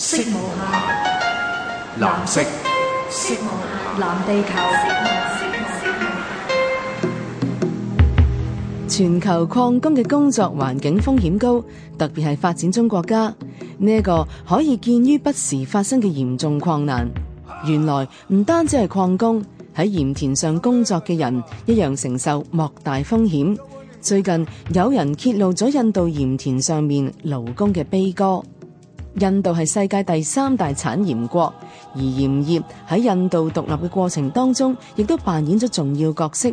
色無暇，藍色，色下，藍地球。地球全球礦工嘅工作環境風險高，特別係發展中國家呢個可以見於不時發生嘅嚴重礦難。原來唔單止係礦工喺鹽田上工作嘅人一樣承受莫大風險。最近有人揭露咗印度鹽田上面勞工嘅悲歌。印度係世界第三大產鹽國，而鹽業喺印度獨立嘅過程當中，亦都扮演咗重要角色。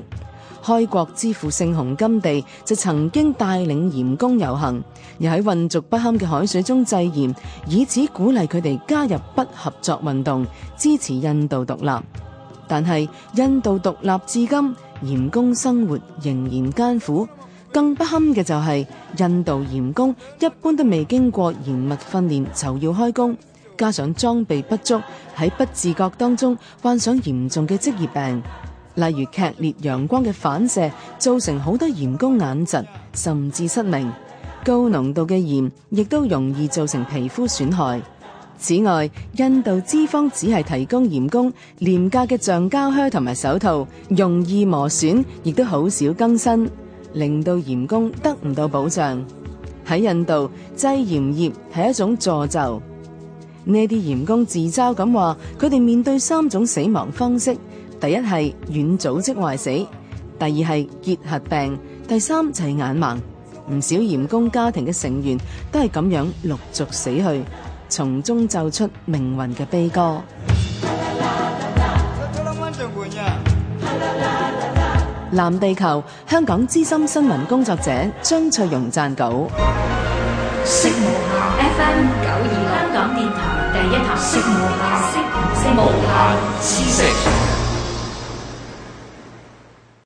開國之父聖雄甘地就曾經帶領鹽工遊行，又喺渾濁不堪嘅海水中製鹽，以此鼓勵佢哋加入不合作運動，支持印度獨立。但係印度獨立至今，鹽工生活仍然艱苦。更不堪嘅就係、是、印度鹽工一般都未經過嚴密訓練就要開工，加上裝備不足，喺不自覺當中患上嚴重嘅職業病，例如劇烈陽光嘅反射造成好多鹽工眼疾甚至失明。高濃度嘅鹽亦都容易造成皮膚損害。此外，印度資方只係提供鹽工廉價嘅橡膠靴同埋手套，容易磨損，亦都好少更新。令到鹽工得唔到保障。喺印度，製鹽業係一種詛咒。呢啲鹽工自嘲咁話，佢哋面對三種死亡方式：第一係軟組織壞死，第二係結核病，第三就係眼盲。唔少鹽工家庭嘅成員都係咁樣陸續死去，從中奏出命運嘅悲歌。藍地球，香港資深新聞工作者張翠容撰稿。